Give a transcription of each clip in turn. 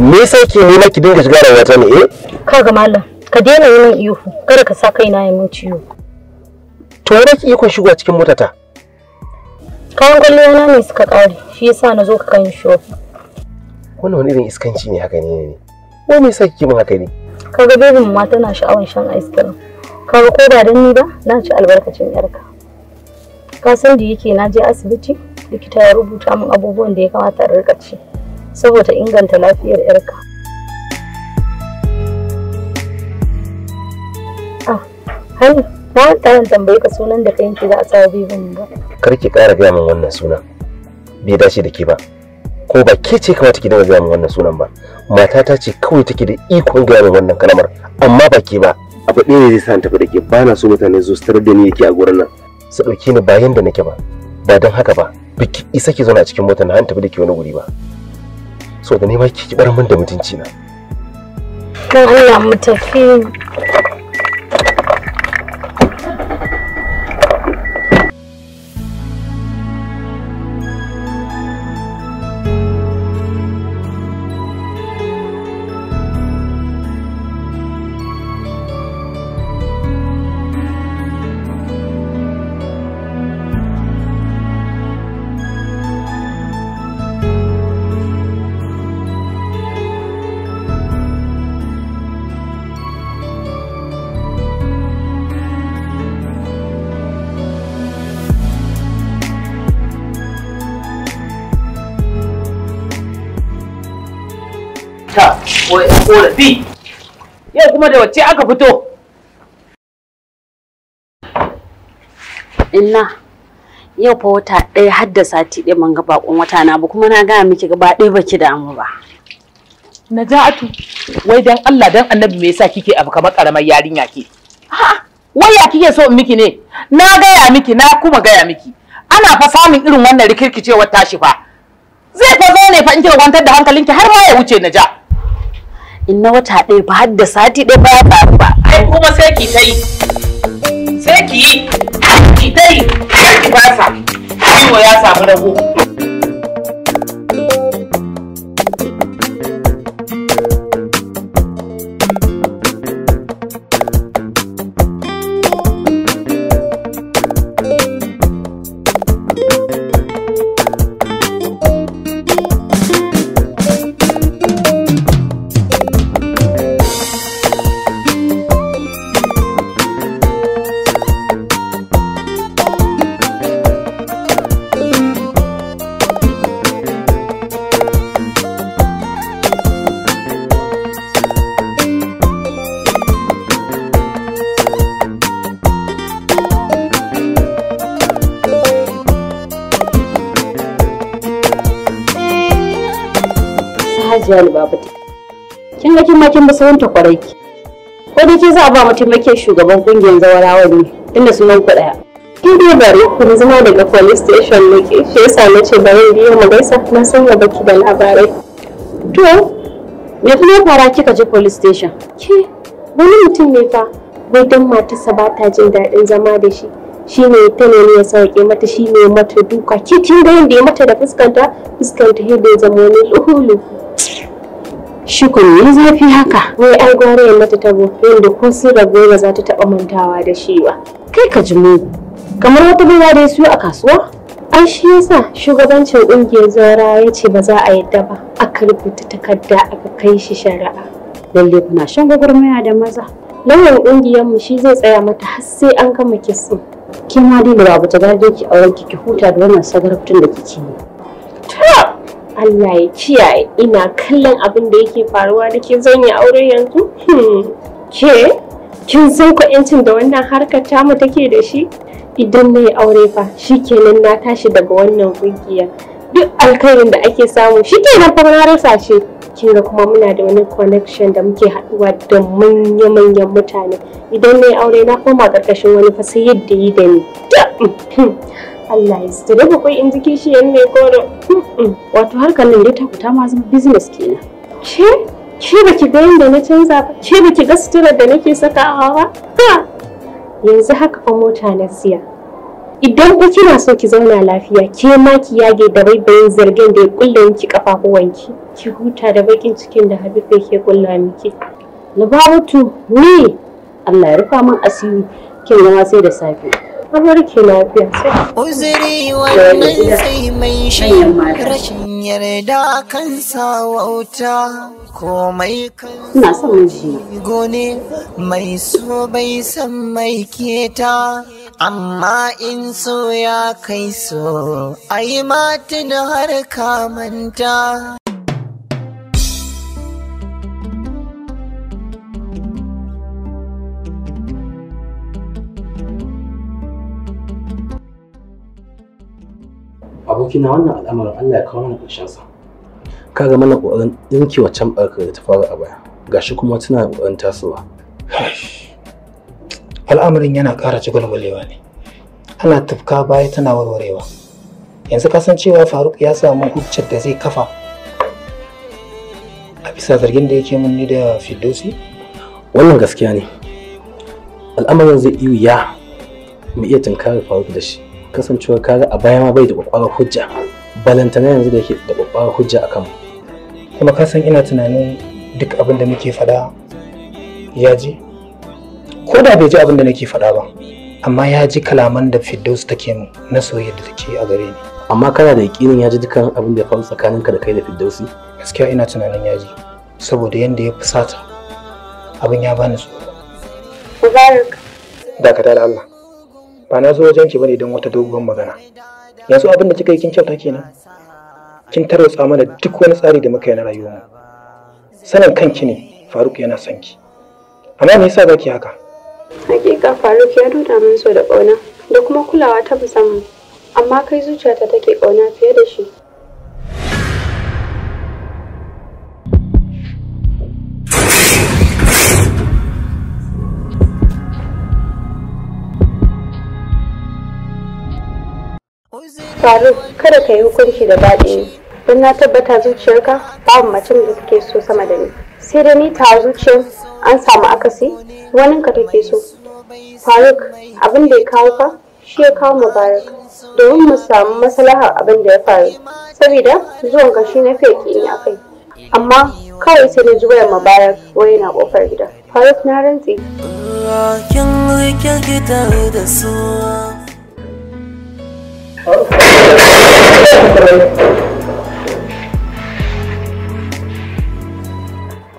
me yasa ke nema ki dinga shiga rayuwata ne eh ga mallam ka daina yi min ihu kada ka sa kaina ya min ciwo to wani ki iko shigo cikin motata kayan kwalliya na ne suka kare shi yasa na zo ka kan shofi wannan wani irin iskanci ne haka ne ne ko me yasa ki min haka ne Ka ga babin ma tana sha'awan shan ice cream kaga ko ba dan ni ba na ci albarkacin yarka ka san da yake na je asibiti likita ya rubuta min abubuwan da ya kamata in rika ci saboda inganta lafiyar 'yarka. Ah, na tarin ka sunan da ka yanke za a tsawo bibin ba. Kar kara ƙara gaya min wannan suna. Bai dace da ke ba. Ko ba ke ce kawai take daga gaya min wannan sunan ba. Matata ce kawai take da ikon gaya min wannan kalamar, amma ba ke ba. Abu ɗaya ne zai sa ni tafi da ke ba na so mutane su tarar da ni yake ke a gurin nan. Su ɗauke ni bayan da nake ba. Ba don haka ba. ki isa ki zauna a cikin motar na an tafi da ke wani guri ba. so da nema ki ki bar min da mutunci na kan Allah mu tafi Ƙorafi? yau kuma da wacce aka fito inna yau fa wata ɗaya har da sati ɗaya ban ga bakon wata na ba kuma na gaya miki gaba ɗaya baki damu ba Naja'atu wai dan Allah dan Annabi me yasa kike abu kamar karamar yarinya ke wai ya kike so miki ne na gaya miki na kuma gaya miki ana fa samun irin wannan rikirkicewar tashi fa zai fa zo ne fa in kwantar da hankalinki har ma ya wuce Naja' in na wata ɗaya ba har da sati ɗaya ba ya faru ba ai kuma sai ki ta yi sai ki yi ki ta yi ki fasa ciwo ya samu rago rijal kin ga kin ma kin musu wanta kwarai ko da ke za a ba mutum yake shugaban kungiyar zawarawa ne inda sunan ku daya kin da bare ku zama daga police station ne ke shi yasa na ce bari biyo mu gaisa na san ga baki da labarai to me kuma fara kika je police station ke wani mutum ne fa wai dan matarsa ba ta jin daɗin zama da shi shi ne ta ne ya sauke mata shi ne mata duka ke kin ga da ya mata da fuskanta fuskanta hebe zama ne luhu Shi ne zafi haka. Wai ai gware ya mata tabo yadda ko sun rabu ba za ta taɓa mantawa da shi ba. Kai ka ji mu. Kamar wata bawa da ya siyo a kasuwa? Ai shi yasa shugabancin ƙungiyar Zara ya ce ba za a yadda ba. Aka rubuta takarda aka kai shi shari'a. Lalle kuna shan gwagwarmaya da maza. Lauyan mu shi zai tsaya mata har sai an gama kisin. Kin ma dole da babu ta gade ki auren ki ki huta da wannan sagarabtun da kike yi. Allah ya kiyaye ina kallon abin da yake faruwa da ke zan yi aure yanzu hmm. ke kin san ku da wannan harkar tamu take da shi idan na yi aure fa kenan na tashi daga wannan kungiya duk alkhairin da ake samu shikenan fa na rasa shi kinga kuma muna da wani connection da muke haduwa da manya-manyan mutane idan na yi aure na koma karkashin wani fa sai yadda yi da ni hmm. Allah ya sutura ba kai in ji kishiyar ne koro. Wato harkar nan dai ta fita ma zama business kenan. Ke? Ke ba ki ga yadda na canza ba? Ke ba ga suturar da nake sakawa ba? Ha! Yanzu haka fa mota na siya. Idan ku kina so ki zauna lafiya, ke ma ki yage da baibayin zargin da ya kulla miki kafafuwanki. Ki huta da bakin cikin da Habib ke kulla miki. Lubabatu, ni Allah ya rufa min asiri kin zama sai da safe. Amurki lafiya. Uzuri wannan sai mai shi rashin yarda kan wauta komai kan gone mai so bai san mai keta amma in so ya kai so ai matin har manta. na wannan al'amarin Allah ya kawo mana ƙarshen sa kaga mana ƙoƙarin ɗinki waccan ɓarkar da ta faru a baya gashi kuma tana ƙoƙarin tasowa al'amarin yana ƙara jigwalgwalewa ne ana tufka baya tana warwarewa yanzu ka san cewa faruk ya samu hujjar da zai kafa a bisa zargin da yake mun ni da fidosi wannan gaskiya ne al'amarin zai iya mu iya tunkarar faruk da shi kasancewa kaga a baya ma bai da kwakwarar hujja balantana yanzu da yake da kwakwarar hujja a kanmu. kuma ka san ina tunanin duk abin da muke faɗa ya ji ko da bai ji abin da nake faɗa ba amma ya ji kalaman da Firdaus take mu na soyayya da take a gare ni amma kana da yakinin ya ji dukkan abin da ya faru tsakaninka da kai da Firdausi gaskiya ina tunanin ya ji saboda yanda ya fusata abin ya bani tsoro da dakata da Allah ba na zo wajen ki bane don wata doguwar magana yanzu abin da kika yi kin kyauta kenan kin tarwatsa mana duk wani tsari da muka yi na rayuwa sanin kanki ne faruk yana son ki amma me yasa baki haka hakika faruk ya nuna min so da ƙauna da kuma kulawa ta musamman amma kai zuciyata take ƙauna fiye da shi faru kada ka yi hukunci da baɗi don na tabbata zuciyarka babu macen da take so sama da ni sai da ni ta zuciya an samu akasi wani ka take so faruk abin da ya kawo fa shi ya kawo mubarak domin mu samu maslaha abin da ya faru saboda zuwan ka shi na feki ni akai amma kawai sai na juya mubarak wai na kofar gida faruk na rantse Oh,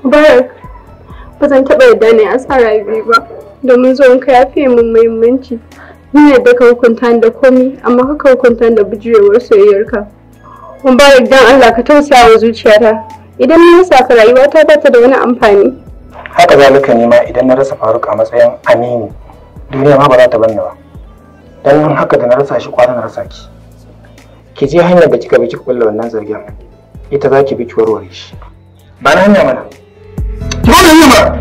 Mubarak, ba zan taɓa yadda ne a sa biyu ba, domin zuwan ka ya fiye min muhimmanci. Ni yadda ka hukunta da komi, amma ka hukunta da bijirewar soyayyarka. Mubarak, don Allah ka tausaya wa zuciyata. Idan na rasa ka rayuwata ba ta da wani amfani. Haka zalika ne ma idan na rasa Faruk a matsayin amini, duniya ma ba za ta banna ba. Don haka da na rasa shi kwanan na rasa ki. ki je hanyar da kika bi kika kulla wannan zargin ita za ki bi ki warware shi ba na hanya mana ki ba hanya mana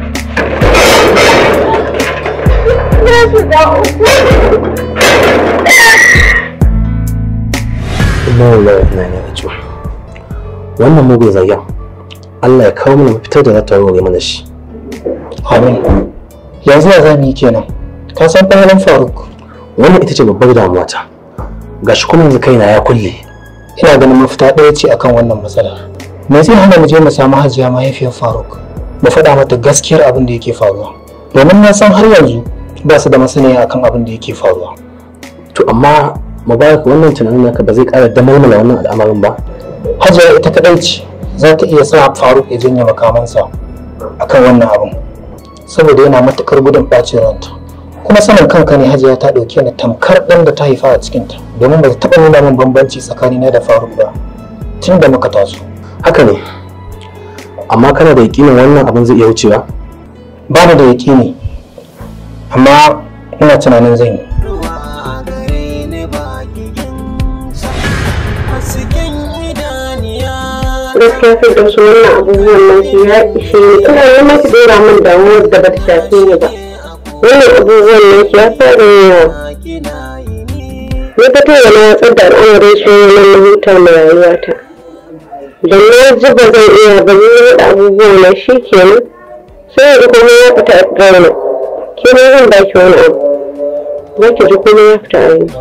Inna lillahi wa inna ilaihi raji'un. Wannan mugun zargin Allah ya kawo mana mafitar da za ta warware mana shi. Amin. Yanzu ya zan kenan. Ka san halin Faruk. Wannan ita ce babbar damuwa ta. gashi kuma kaina ya kulle ina ganin mafita ɗaya ce akan wannan matsala me zai hana mu je mu samu hajiya mahaifiyar faruk mu faɗa mata gaskiyar abin da yake faruwa domin na san har yanzu ba su da masaniya akan abin da yake faruwa to amma mu ku wannan tunanin naka ba zai ƙara damalmala wannan al'amarin ba hajiya ita kaɗai ce za ta iya sa faruk ya janye makamansa akan wannan abin saboda yana matuƙar gudun ɓacin ranta kuma sanin kanka ne hajiya ta ɗauke ni tamkar ɗan da ta haifa a cikinta domin ba su taɓa nuna min bambanci na da faruk ba tun da muka taso haka ne amma kana da yaƙinin wannan abin zai iya wucewa ba da yaƙini, amma ina tunanin zan yi gaskiya sai da su wannan abubuwan nan su ya ishe ni ina yi masu dora min damuwar da ba ta shafe ni ba wannan abubuwan nan su ya fara yawa Ni fitowa na watsar da al'amarin shi na huta mai rayuwata. Da na ji ba zan iya ba ni haɗa abubuwa na shi kenan. Sai yanzu komai ya fita a raina. Ke ma zan baki wani abu. Za ki ji komai ya fita a raina.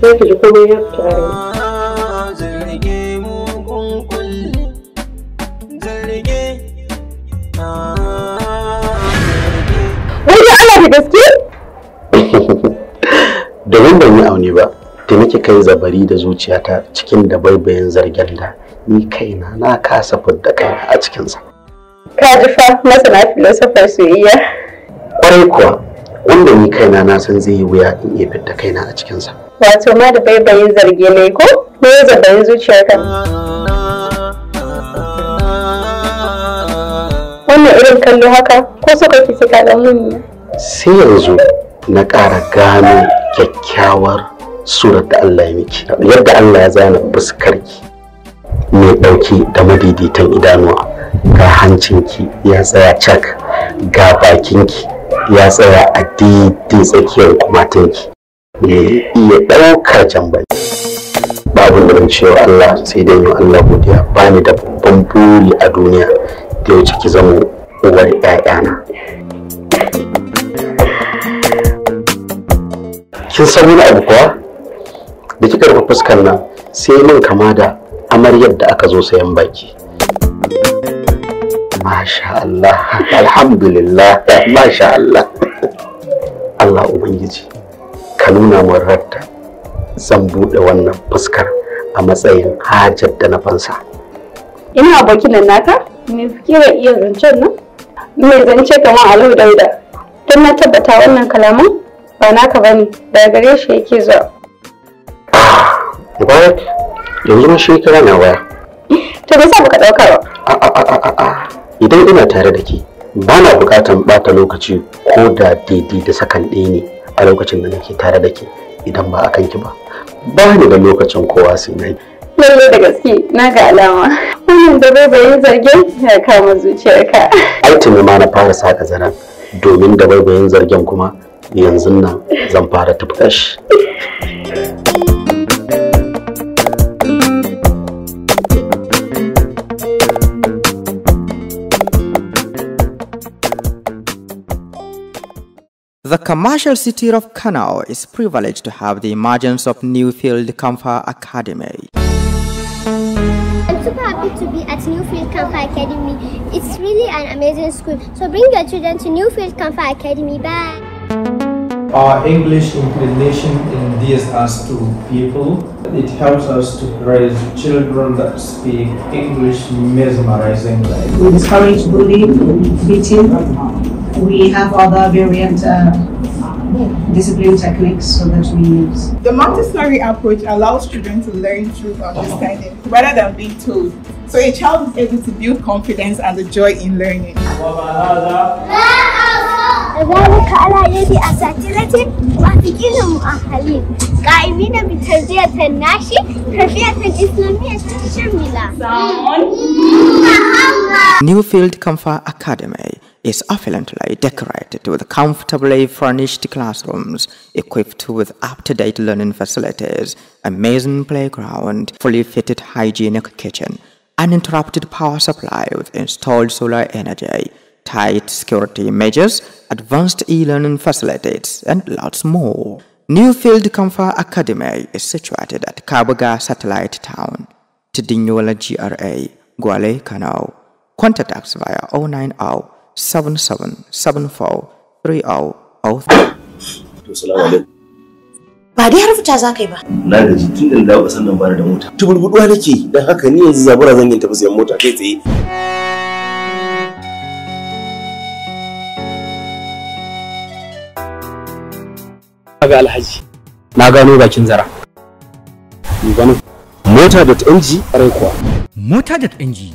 Za ki ji komai ya fita a raina. Wai Allah da gaske? domin ban yi aune ba Da nake kai zabari da zuciyata cikin da baibayin zargen da ni kaina na kasa fidda kaina a cikinsa. Ka ji fa masana filosofar soyayya. Kwarai kuwa wanda ni kaina na san zai yi wuya in iya fidda kaina a cikinsa. Wato ma da baibayin zarge ne ko? ko ya zabayin zuciyarka? Wannan irin kallo haka ko suka fi suka da mun Sai yanzu na ƙara gano kyakkyawar surar da Allah ya miki yadda Allah ya zana fuskarki mai ɗauki da madiditan idanuwa ga hancinki ya tsaya cak ga bakinki ya tsaya a daidai tsakiyar kumatanki mai iya ɗaukar jambai babu da cewa Allah sai dai yi Allah godiya bani da babban buri a duniya da ya ciki zama uwar 'ya'yana kin san wani abu kuwa da kika rufe fuskar nan sai min kama da amaryar da aka zo sayan baki masha Allah alhamdulillah masha Allah Allah ubangiji ka nuna min radda zan bude wannan fuskar a matsayin hajar da na fansa ina abokin naka me kira iya zancen nan me zance kamar alau dauda don na tabbata wannan kalaman ba naka ba ne daga gare shi yake zuwa yanzu mun na waya to sa baka ba a idan ina tare da ke ba na bukatan bata lokaci ko da daidai da sakan ɗaya ne a lokacin da nake tare da ke idan ba a kanki ba ba ni da lokacin kowa sai na lallai da gaske na ga alama wannan da bai bayin zargen ya kama zuciyarka ai tuni ma na fara saka zaren domin da bai bayin zargen kuma yanzu nan zan fara tafka shi The commercial city of Kanao is privileged to have the emergence of Newfield Kamfa Academy. I'm super happy to be at Newfield Kamfa Academy. It's really an amazing school. So bring your children to Newfield Kamfa Academy. Bye. Our English inclination in these as to people. It helps us to raise children that speak English mesmerizingly. We discourage bullying, beating. We have other variant uh, discipline techniques so that we use. The Montessori approach allows children to learn through understanding rather than being told. So a child is able to build confidence and the joy in learning. على يد أساتذة مؤهلين قائمين الناشئ Newfield Comfort Academy is affluently decorated with comfortably furnished classrooms equipped with up-to-date learning facilities, amazing playground, fully fitted hygienic kitchen, uninterrupted power supply with installed solar energy, tight security measures, advanced e-learning facilities, and lots more. Newfield Comfort Academy is situated at Kabuga Satellite Town, Tidinyola GRA, Gwale, Kano. Contact us via 090 7774 3003. ba dai rubuta za ba. Na da dawo da mota. nake haka ni yanzu zabura zan yi mota kai tsaye. ga alhaji na gano bakin zara mota.ng rai kuwa mota.ng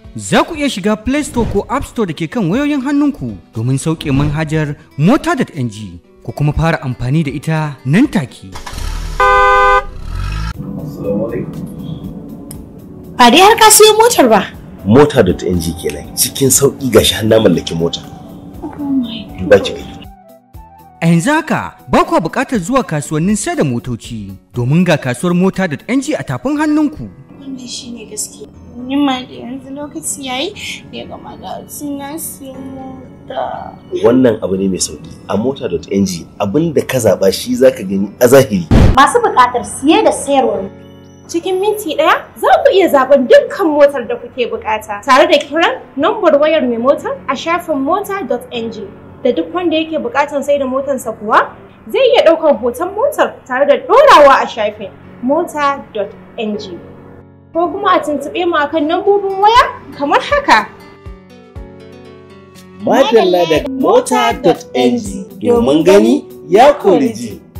za ku iya shiga Play Store ko App Store da ke kan wayoyin hannunku domin sauƙe manhajar mota.ng ku kuma fara amfani da ita nan take. Ba dai har ka siyo motar ba. Mota.ng kenan cikin sauƙi ga shi na mallaki mota. Oh ba ki gani. A yanzu haka ba kwa buƙatar zuwa kasuwannin sai da motoci domin ga kasuwar mota.ng a tafin hannunku. wannan shine nima da yanzu lokaci ya gama da na siyo mota wannan abu ne mai sauki a mota.ng abinda ka zaba shi zaka gani a zahiri masu buƙatar siye da sayarwar cikin minti ɗaya za ku iya zaben dukkan motar da kuke bukata tare da kiran nambar wayar mai motar a shafin mota.ng da duk wanda yake bukatar sai da motarsa kuwa zai iya ɗaukar hoton motar tare da ɗorawa a shafin mota.ng ko kuma a tuntuɓe mu akan lambobin waya kamar haka. Madalla da mota.ng domin gani ya koriji